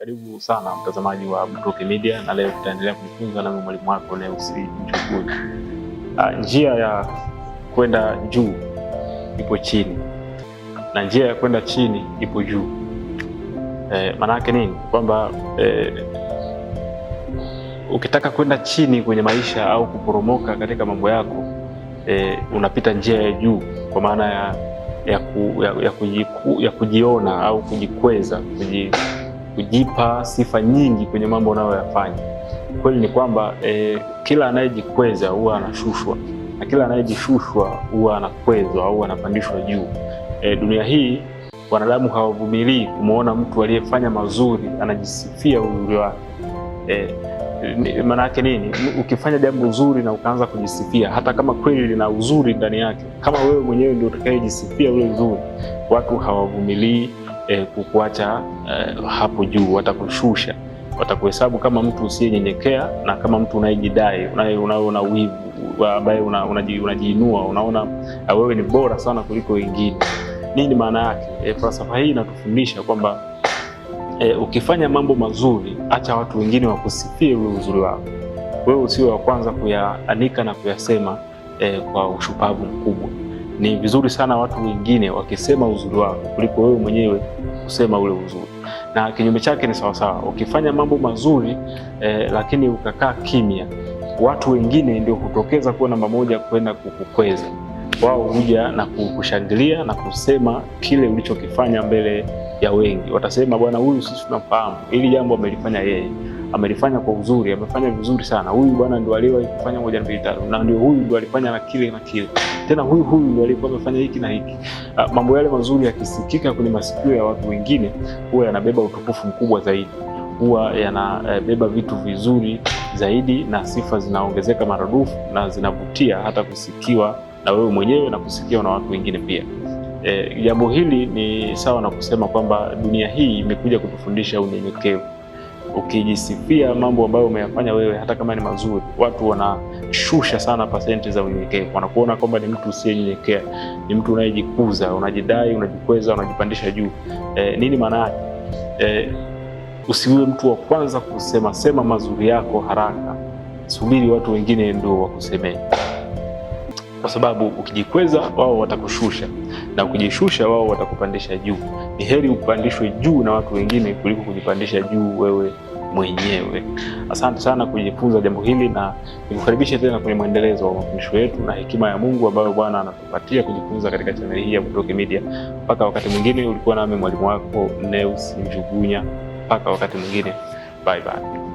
Karibu sana mtazamaji wa Butoke Media, na leo tutaendelea kujifunza na mwalimu wako Leusi Nchukuri. Ah, njia ya kwenda juu ipo chini na njia ya kwenda chini ipo juu. Eh, maana yake nini? Kwamba eh, ukitaka kwenda chini kwenye maisha au kuporomoka katika mambo yako eh, unapita njia ya juu kwa maana ya, ya, ku, ya, ya, kujiku, ya kujiona au kujikweza kuji, kujipa sifa nyingi kwenye mambo unayoyafanya. Kweli ni kwamba e, kila anayejikweza huwa anashushwa na kila anayejishushwa huwa anakwezwa au anapandishwa juu. Eh, dunia hii wanadamu hawavumilii kumwona mtu aliyefanya mazuri anajisifia uzuri wake. E, maana yake nini? Ukifanya jambo zuri na ukaanza kujisifia, hata kama kweli lina uzuri ndani yake, kama wewe mwenyewe ndio utakayejisifia ule uzuri, watu hawavumilii eh, kukuacha eh, hapo juu, watakushusha, watakuhesabu kama mtu usiyenyenyekea na kama mtu unayejidai, unayeona wivu, ambaye unajiinua, unaona ah, wewe ni bora sana kuliko wengine. Nini maana yake? Eh, falsafa hii inatufundisha kwamba eh, ukifanya mambo mazuri, acha watu wengine wakusifie ule uzuri wako, wewe usio wa kwanza kuyaanika na kuyasema eh, kwa ushupavu mkubwa ni vizuri sana watu wengine wakisema uzuri wako kuliko wewe mwenyewe kusema ule uzuri, na kinyume chake ni sawasawa. Ukifanya mambo mazuri eh, lakini ukakaa kimya, watu wengine ndio hutokeza kuwa namba moja kwenda kukukweza. Wao huja na kukushangilia na kusema kile ulichokifanya mbele ya wengi. Watasema bwana, huyu sisi tunamfahamu, ili jambo amelifanya yeye, amelifanya kwa uzuri, amefanya vizuri sana. Huyu bwana ndio aliyewahi kufanya moja mbili tatu, na ndio huyu ndio alifanya na kile na kile, tena huyu huyu ndio alikuwa amefanya hiki na hiki. Ah, mambo yale mazuri yakisikika kwenye masikio ya watu wengine, huwa yanabeba utukufu mkubwa zaidi huwa yanabeba eh, vitu vizuri zaidi na sifa zinaongezeka maradufu na zinavutia hata kusikiwa na wewe mwenyewe na kusikiwa na watu wengine pia. Eh, jambo e, hili ni sawa na kusema kwamba dunia hii imekuja kutufundisha unyenyekevu. Ukijisifia mambo ambayo umeyafanya wewe, hata kama ni mazuri, watu wanashusha sana pasenti za unyenyekevu, wanakuona kwamba ni mtu usiyenyenyekea, ni mtu unayejikuza, unajidai, unajikweza, unajipandisha juu. E, nini maana yake? E, usiwe mtu wa kwanza kusema sema mazuri yako haraka, subiri watu wengine ndio wakusemee kwa sababu ukijikweza wao watakushusha na ukijishusha wao watakupandisha juu. Ni heri upandishwe juu na watu wengine kuliko kujipandisha juu wewe mwenyewe. Asante sana kujifunza jambo hili, na nikukaribishe tena kwenye mwendelezo wa mafundisho yetu na hekima ya Mungu ambayo Bwana anatupatia kujifunza katika chaneli hii ya Butoke Media. Mpaka wakati mwingine, ulikuwa nami mwalimu wako Neus Njugunya. Mpaka wakati mwingine, bye bye.